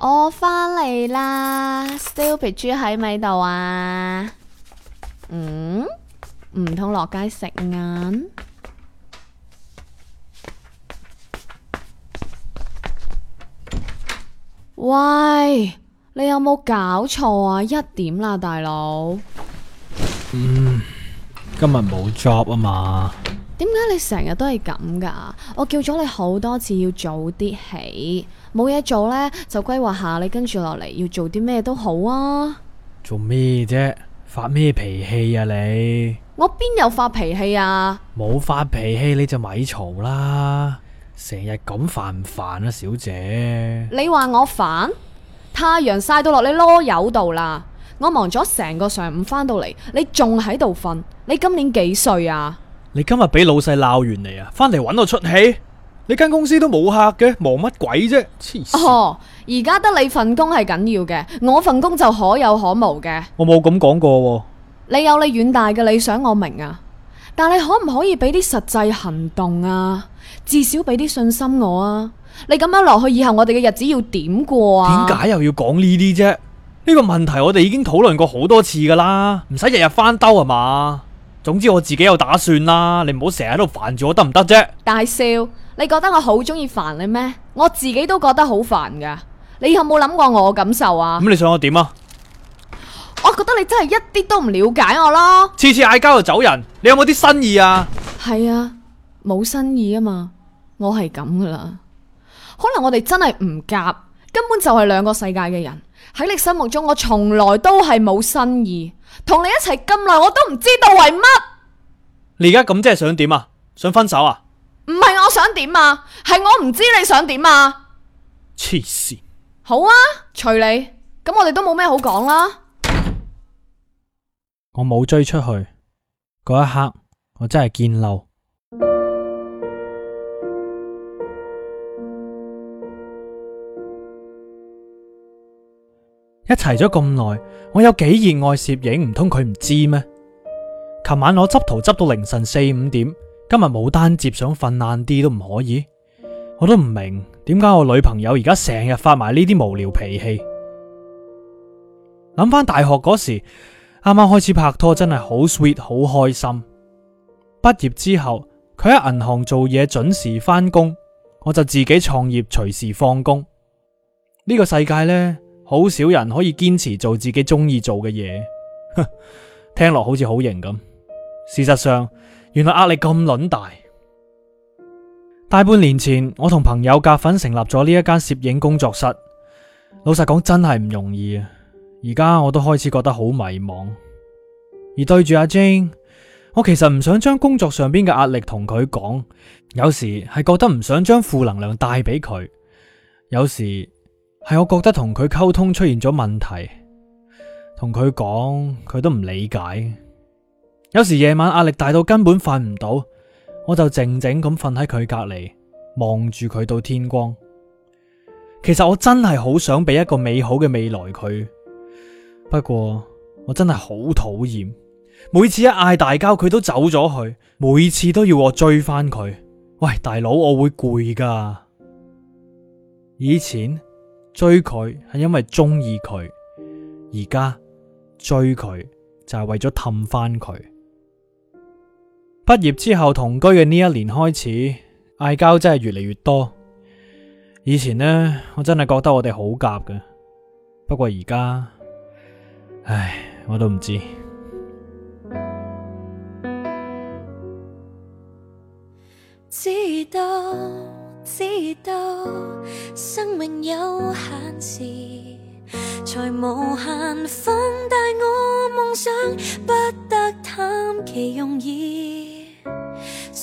我返嚟啦，Stumpy 豬喺咪度啊？嗯？唔通落街食晏？ 喂，你有冇搞錯啊？一點啦，大佬。嗯，今日冇 job 啊嘛？點解你成日都係咁㗎？我叫咗你好多次要早啲起。冇嘢做呢，就規劃下你跟住落嚟要做啲咩都好啊！做咩啫？發咩脾氣啊你？我邊有發脾氣啊？冇發脾氣你就咪嘈啦！成日咁煩唔煩啊，小姐？你話我煩？太陽曬到落你囉柚度啦！我忙咗成個上午翻到嚟，你仲喺度瞓？你今年幾歲啊？你今日俾老細鬧完你啊？翻嚟揾我出氣？你間公司都冇客嘅，忙乜鬼啫？哦，而家得你份工係緊要嘅，我份工就可有可無嘅。我冇咁講過。你有你遠大嘅理想，我明啊，但係你可唔可以俾啲實際行動啊？至少俾啲信心我啊。你咁樣落去，以後我哋嘅日子要點過啊？點解又要講呢啲啫？呢個問題我哋已經討論過好多次噶啦，唔使日日翻兜啊嘛。總之我自己有打算啦，你唔好成日喺度煩住我得唔得啫？大笑。你覺得我好中意煩你咩？我自己都覺得好煩噶。你有冇諗過我感受啊？咁、嗯、你想我點啊？我覺得你真係一啲都唔了解我咯。次次嗌交，就走人，你有冇啲新意啊？係 啊，冇新意啊嘛，我係咁噶啦。可能我哋真係唔夾，根本就係兩個世界嘅人。喺你心目中，我從來都係冇新意，同你一齊咁耐，我都唔知道為乜。你而家咁即係想點啊？想分手啊？唔係我想點啊，係我唔知你想點啊！黐線！好啊，隨你。咁我哋都冇咩好講啦。我冇追出去，嗰一刻我真係見漏。 一齊咗咁耐，我有幾熱愛攝影，唔通佢唔知咩？琴晚我執圖執到凌晨四五點。今日冇單接，想瞓晏啲都唔可以，我都唔明點解我女朋友而家成日發埋呢啲無聊脾氣。諗翻大學嗰時，啱啱開始拍拖，真係好 sweet，好開心。畢業之後，佢喺銀行做嘢，準時翻工，我就自己創業，隨時放工。呢個世界呢，好少人可以堅持做自己中意做嘅嘢。哼，聽落好似好型咁，事實上。原來壓力咁卵大。大半年前，我同朋友夾份成立咗呢一間攝影工作室。老實講，真係唔容易啊。而家我都開始覺得好迷茫。而對住阿晶，我其實唔想將工作上邊嘅壓力同佢講。有時係覺得唔想將負能量帶俾佢。有時係我覺得同佢溝通出現咗問題，同佢講佢都唔理解。有時夜晚壓力大到根本瞓唔到，我就靜靜咁瞓喺佢隔籬，望住佢到天光。其實我真係好想俾一個美好嘅未來佢，不過我真係好討厭，每次一嗌大交佢都走咗去，每次都要我追返佢。喂，大佬，我會攰㗎。以前追佢係因為中意佢，而家追佢就係為咗氹返佢。畢業之後同居嘅呢一年開始，嗌交真係越嚟越多。以前呢，我真係覺得我哋好夾㗎。不過而家，唉，我都唔知。知道，知道，生命有限時，才無限放大我夢想，不得談其容易。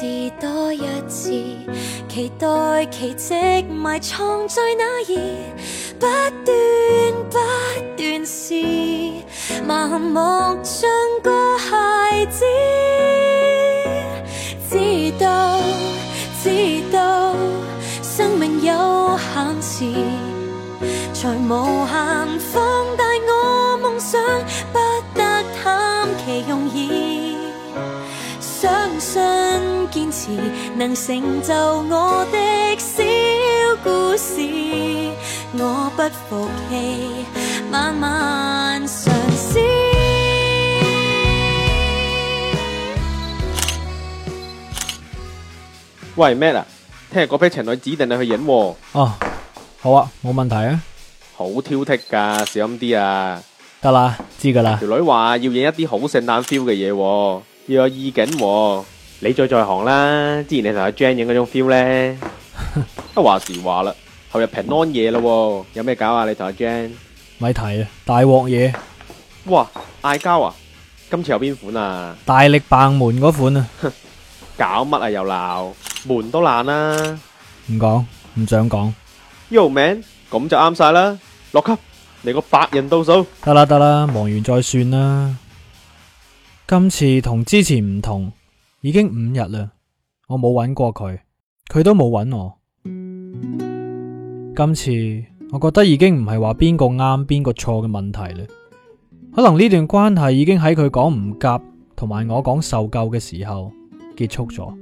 是多一次，期待奇迹埋藏在哪兒？不斷不斷試，盲目像個孩子。知道知道，生命有限時，才無限放大我夢想，不得貪其容易。相信。堅持能成就我的小故事，我不服氣，慢慢嘗試。喂，Matt 啊，聽日嗰批情侶指定你去影哦。啊啊，好啊，冇問題啊，好挑剔噶，小心啲啊，得啦，知噶啦。條女話要影一啲好聖誕 feel 嘅嘢，要有意境，啊。你最在行啦，之前你同阿 Jane 影嗰種 feel 咧。都話時話啦，後日平安夜咯，有咩搞啊？你同阿 Jane 咪提啊，大鑊嘢！哇，嗌交啊！今次有邊款啊？大力棒門嗰款啊！哼，搞乜啊？又鬧門都爛啦，唔講唔想講。Yo man，咁就啱晒啦。落級，嚟個百人倒數。得啦得啦，忙完再算啦。今次同之前唔同。已經五日啦，我冇揾過佢，佢都冇揾我。今次我覺得已經唔係話邊個啱邊個錯嘅問題啦，可能呢段關係已經喺佢講唔夾，同埋我講受夠嘅時候結束咗。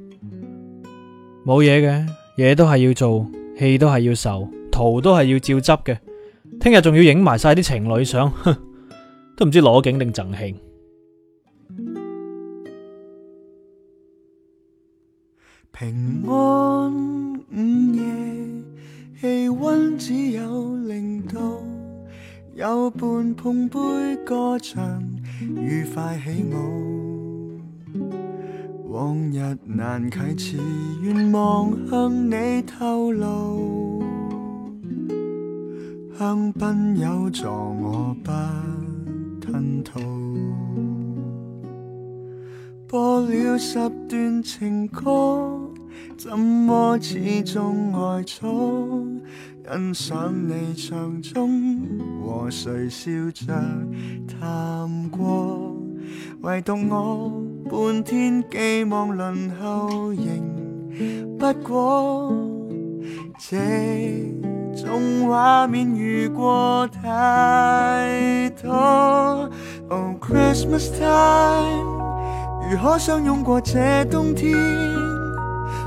冇嘢嘅，嘢都係要做，戲都係要受，圖都係要照執嘅。聽日仲要影埋晒啲情侶相，哼，都唔知攞景定贈慶。平安午夜，氣溫只有零度，有伴碰杯歌唱，愉快起舞。往日難啟齒，願望向你透露，香檳有助我不吞吐，播了十段情歌。怎麼始終愛錯？欣賞你場中和誰笑着談過，唯獨我半天寄望輪候。輪仍不過，這種畫面遇過太多。Oh、oh, Christmas time，如可相擁過這冬天。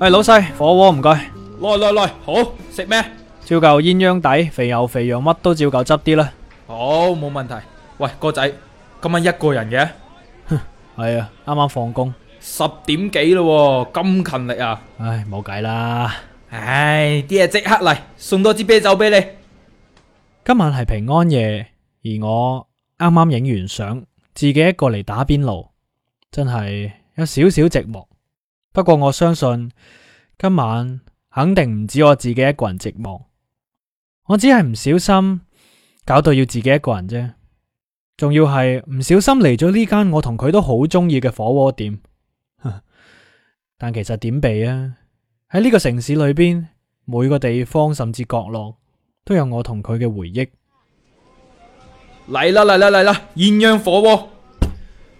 喂，老細，火鍋唔該，來來來，好食咩？照舊鴛鴦底，肥牛肥羊，乜都照舊執啲啦。好，冇問題。喂，哥仔，今晚一個人嘅？哼，係啊，啱啱放工，十點幾咯，咁勤力啊！唉，冇計啦。唉，啲嘢即刻嚟，送多支啤酒俾你。今晚係平安夜，而我啱啱影完相，自己一個嚟打邊爐，真係有少少寂寞。不過我相信今晚肯定唔止我自己一個人寂寞，我只係唔小心搞到要自己一個人啫。仲要係唔小心嚟咗呢間我同佢都好中意嘅火鍋店。但其實點避啊？喺呢個城市裏邊，每個地方甚至角落都有我同佢嘅回憶。嚟啦嚟啦嚟啦！鴛鴦火鍋。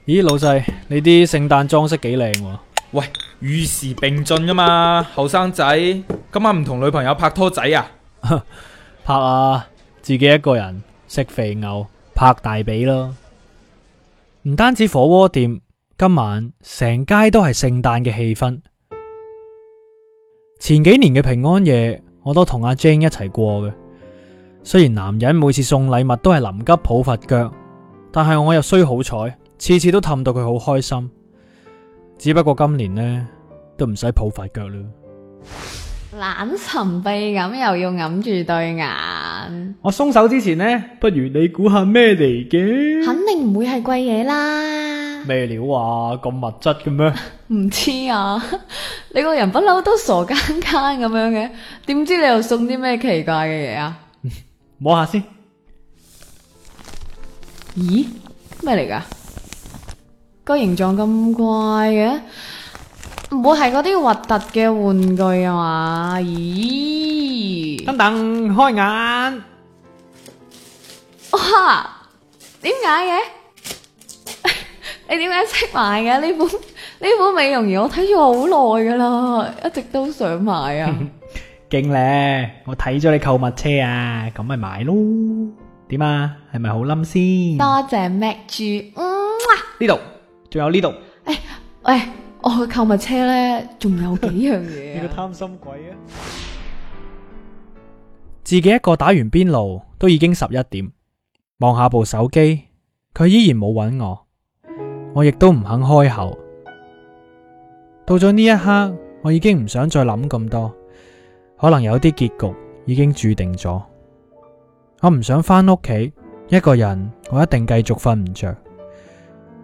咦，老細，你啲聖誕裝飾幾靚喎？喂，與時並進噶嘛，後生仔，今晚唔同女朋友拍拖仔啊？ 拍啊，自己一個人食肥牛，拍大髀咯。唔單止火鍋店，今晚成街都係聖誕嘅氣氛。前幾年嘅平安夜，我都同阿 Jane 一齊過嘅。雖然男人每次送禮物都係臨急抱佛腳，但係我又衰好彩，次次都氹到佢好開心。只不過今年呢，都唔使抱塊腳啦。懶神秘咁，又要揞住對眼。我鬆手之前呢，不如你估下咩嚟嘅？肯定唔會係貴嘢啦。咩料啊？咁物質嘅咩？唔知啊， 你個人不嬲都傻更更咁樣嘅，點知你又送啲咩奇怪嘅嘢啊？嗯、摸下先。咦？咩嚟噶？個形狀咁怪嘅，唔會係嗰啲核突嘅玩具啊嘛？咦，等等開眼，哇，點解嘅？ 你點解識買嘅呢款呢款美容儀？我睇咗好耐噶啦，一直都想買啊！勁咧， 我睇咗你購物車啊，咁咪買咯？點啊？係咪好冧先？多謝 Mac e 豬，嗯、呢度。仲有呢度，誒、欸欸、我去購物車呢，仲有幾樣嘢、啊。 你個貪心鬼啊！自己一個打完邊爐，都已經十一點，望下部手機，佢依然冇揾我，我亦都唔肯開口。到咗呢一刻，我已經唔想再諗咁多，可能有啲結局已經注定咗。我唔想翻屋企一個人，我一定繼續瞓唔着。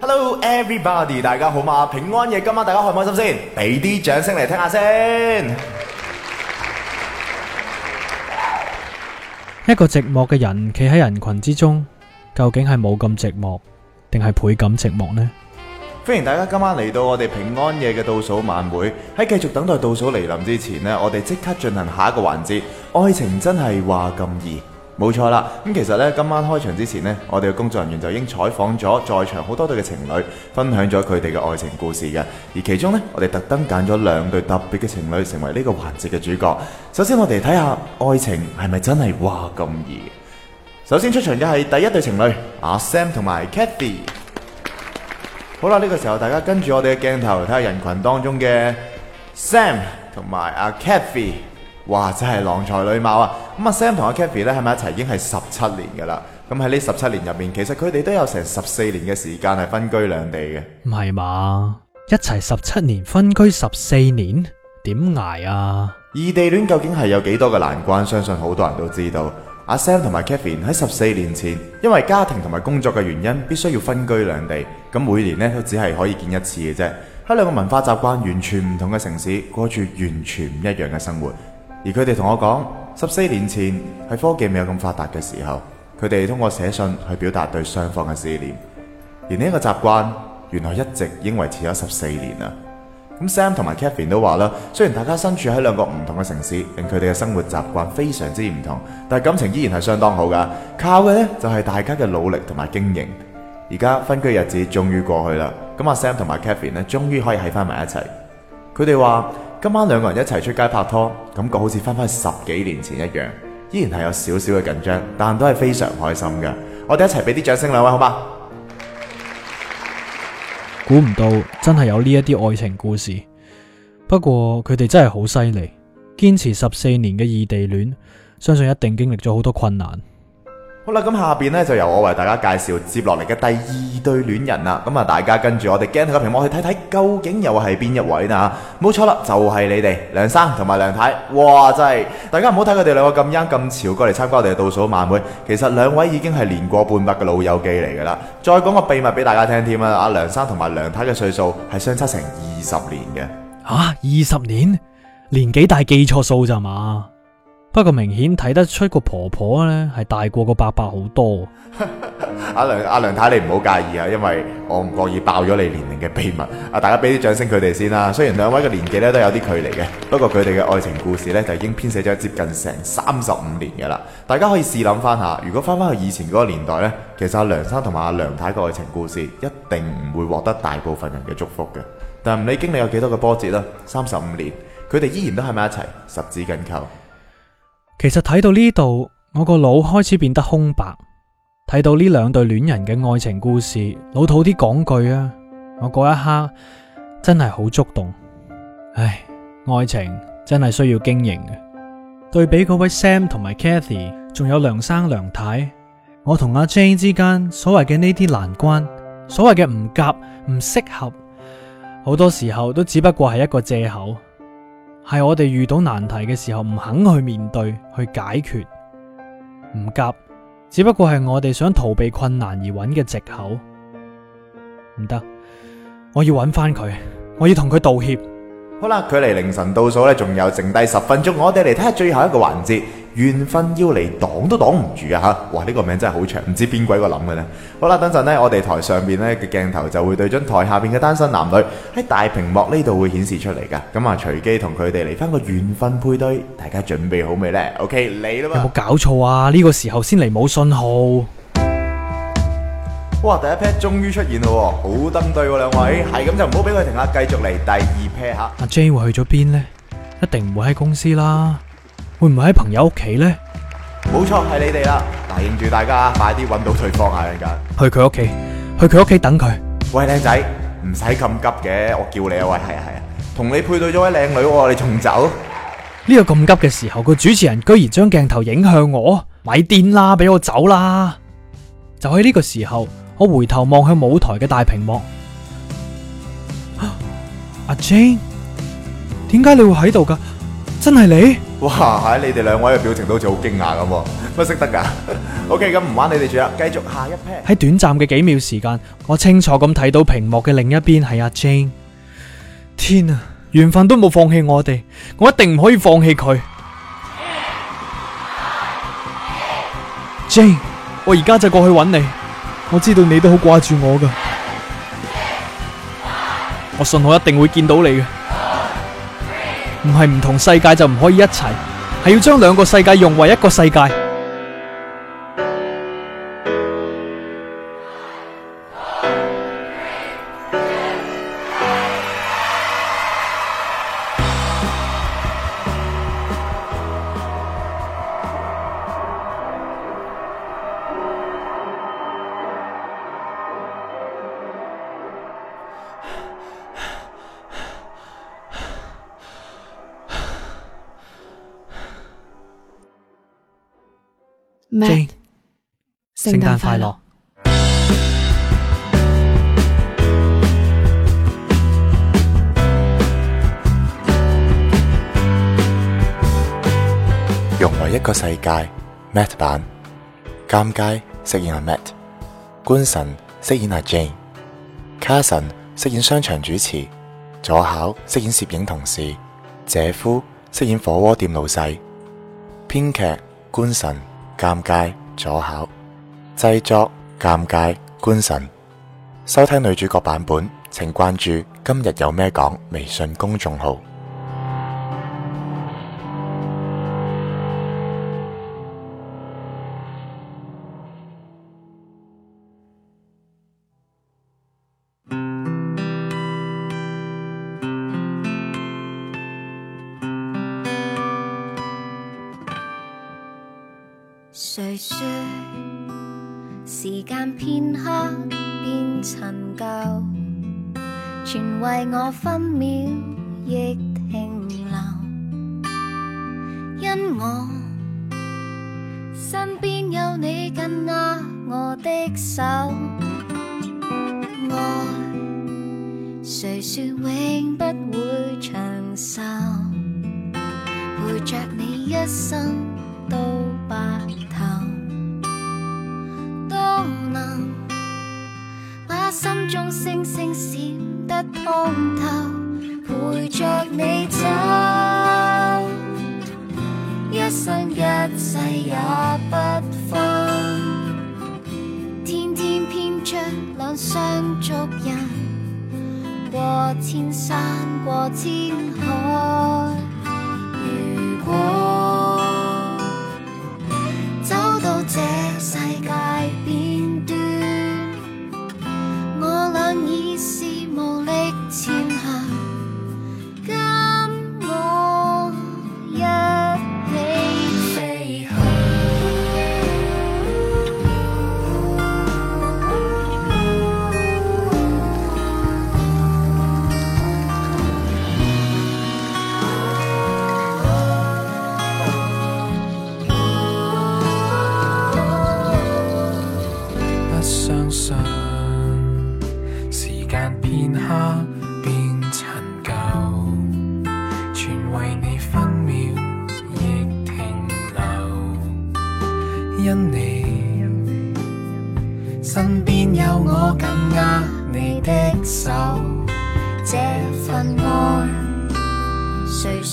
Hello everybody，大家好嘛！平安夜今晚大家開唔開心先？俾啲掌聲嚟聽下先。一個寂寞嘅人，企喺人群之中，究竟係冇咁寂寞，定係倍感寂寞呢？歡迎大家今晚嚟到我哋平安夜嘅倒數晚會。喺繼續等待倒數來臨之前呢，我哋即刻進行下一個環節。愛情真係話咁易。冇錯啦，咁其實呢，今晚開場之前呢，我哋嘅工作人員就已經採訪咗在場好多對嘅情侶，分享咗佢哋嘅愛情故事嘅。而其中呢，我哋特登揀咗兩對特別嘅情侶成為呢個環節嘅主角。首先我哋睇下愛情係咪真係話咁易？首先出場嘅係第一對情侶阿 Sam 同埋 Kathy。好啦，呢、這個時候大家跟住我哋嘅鏡頭睇下人群當中嘅 Sam 同埋阿 Kathy。哇！真係郎才女貌啊！咁阿 Sam 同阿 Kathy 咧喺埋一齊，已經係十七年噶啦。咁喺呢十七年入面，其實佢哋都有成十四年嘅時間係分居兩地嘅。唔係嘛？一齊十七年，分居十四年，點捱啊？異地戀究竟係有幾多嘅難關？相信好多人都知道。阿 Sam 同埋 Kathy 喺十四年前，因為家庭同埋工作嘅原因，必須要分居兩地。咁每年呢，都只係可以見一次嘅啫。喺兩個文化習慣完全唔同嘅城市過住完全唔一樣嘅生活。而佢哋同我講，十四年前喺科技未有咁發達嘅時候，佢哋通過寫信去表達對雙方嘅思念。而呢一個習慣，原來一直已經維持咗十四年啦。Sam 同埋 Kevin 都話啦，雖然大家身處喺兩個唔同嘅城市，令佢哋嘅生活習慣非常之唔同，但係感情依然係相當好噶。靠嘅呢就係大家嘅努力同埋經營。而家分居日子終於過去啦，咁阿 Sam 同埋 Kevin 咧終於可以喺翻埋一齊。佢哋話。今晚兩個人一齊出街拍拖，感覺好似翻返十幾年前一樣，依然係有少少嘅緊張，但都係非常開心嘅。我哋一齊俾啲掌聲兩位，好嗎？估唔到真係有呢一啲愛情故事，不過佢哋真係好犀利，堅持十四年嘅異地戀，相信一定經歷咗好多困難。好啦，咁下邊呢，就由我為大家介紹接落嚟嘅第二對戀人啦。咁、嗯、啊，大家跟住我哋鏡頭嘅屏幕去睇睇，究竟又係邊一位啊？冇錯啦，就係、是、你哋梁生同埋梁太。哇，真係！大家唔好睇佢哋兩個咁啱咁潮過嚟參加我哋嘅倒數晚會。其實兩位已經係年過半百嘅老友記嚟噶啦。再講個秘密俾大家聽添啊。阿梁生同埋梁太嘅歲數係相差成二十年嘅。吓、啊，二十年？年紀大記錯數咋嘛？不過明顯睇得出個婆婆咧係大過個伯伯好多。阿、 啊、梁阿、啊、梁太，你唔好介意啊，因為我唔覺意爆咗你年齡嘅秘密。啊，大家俾啲掌聲佢哋先啦。雖然兩位嘅年紀咧都有啲距離嘅，不過佢哋嘅愛情故事呢，就已經編寫咗接近成三十五年嘅啦。大家可以試諗翻下，如果翻翻去以前嗰個年代呢，其實阿梁生同埋阿梁太嘅愛情故事一定唔會獲得大部分人嘅祝福嘅。但唔理經歷有幾多個波折啦，三十五年，佢哋依然都喺埋一齊，十指緊扣。其實睇到呢度，我個腦開始變得空白。睇到呢兩對戀人嘅愛情故事，老土啲講句啊，我嗰一刻真係好觸動。唉，愛情真係需要經營嘅。對比嗰位 Sam 同埋 Kathy，仲有梁生梁太，我同阿 Jane 之間所謂嘅呢啲難關，所謂嘅唔夾唔適合，好多時候都只不過係一個借口。係我哋遇到難題嘅時候唔肯去面對，去解決。唔夾，只不過係我哋想逃避困難而揾嘅借口。唔得，我要揾翻佢，我要同佢道歉。好啦，距離凌晨倒數咧，仲有剩低十分鐘，我哋嚟睇下最後一個環節。緣分要嚟擋都擋唔住啊！吓，哇、這、呢個名真係好長，唔知邊鬼個諗嘅呢。好啦，等陣呢，我哋台上邊呢嘅鏡頭就會對準台下邊嘅單身男女喺大屏幕呢度會顯示出嚟㗎。咁、嗯、啊，隨機同佢哋嚟翻個緣分配對，大家準備好未呢？OK，你啦有冇搞錯啊？呢、這個時候先嚟冇信號。哇！第一 pair 終於出現咯，好登對喎、啊，兩位。係咁就唔好俾佢停啦，繼續嚟第二 pair 吓，嚇。阿 J 會去咗邊呢？一定唔會喺公司啦。會唔會喺朋友屋企呢？冇錯，係你哋啦！答應住大家快，快啲搵到對方啊！而家去佢屋企，去佢屋企等佢。喂，靚仔，唔使咁急嘅，我叫你啊！喂，係啊係啊，同你配對咗位靚女，你仲走。呢個咁急嘅時候，個主持人居然將鏡頭影向我，咪癲啦！俾我走啦！就喺呢個時候，我回頭望向舞台嘅大屏幕。阿、啊、Jane，點解你會喺度噶？真係你？哇，你哋兩位嘅表情都好似好驚訝咁，乜識得噶 ？OK，咁唔玩你哋住啦，繼續下一 part。喺短暫嘅幾秒時間，我清楚咁睇到屏幕嘅另一邊係阿 Jane。天啊，緣分都冇放棄我哋，我一定唔可以放棄佢。Jane，我而家就過去揾你，我知道你都好掛住我噶，我信我一定會見到你嘅。唔係唔同世界就唔可以一齊，係要將兩個世界融為一個世界。Jane，聖誕快樂。融為一個世界，Matt 版，監街飾演係 Matt，官神飾演係 Jane，Carson 飾演商場主持，左考飾演攝影同事，姐夫飾演火鍋店老細，編劇官神。尷尬阻考，製作尷尬官神。收聽女主角版本，請關注今日有咩講微信公眾號。誰說永不會長壽？陪着你一生到白頭，都能把心中星星閃得通透。陪着你走，一生一世也不分，天天編着兩雙足印。過千山，過千海。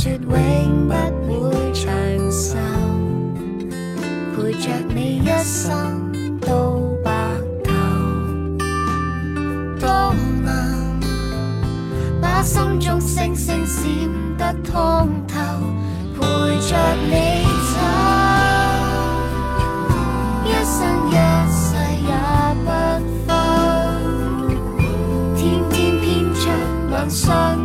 說永不會長壽，陪着你一生到白頭，都能把心中星星閃得通透，陪着你走，一生一世也不分，天天編出晚上。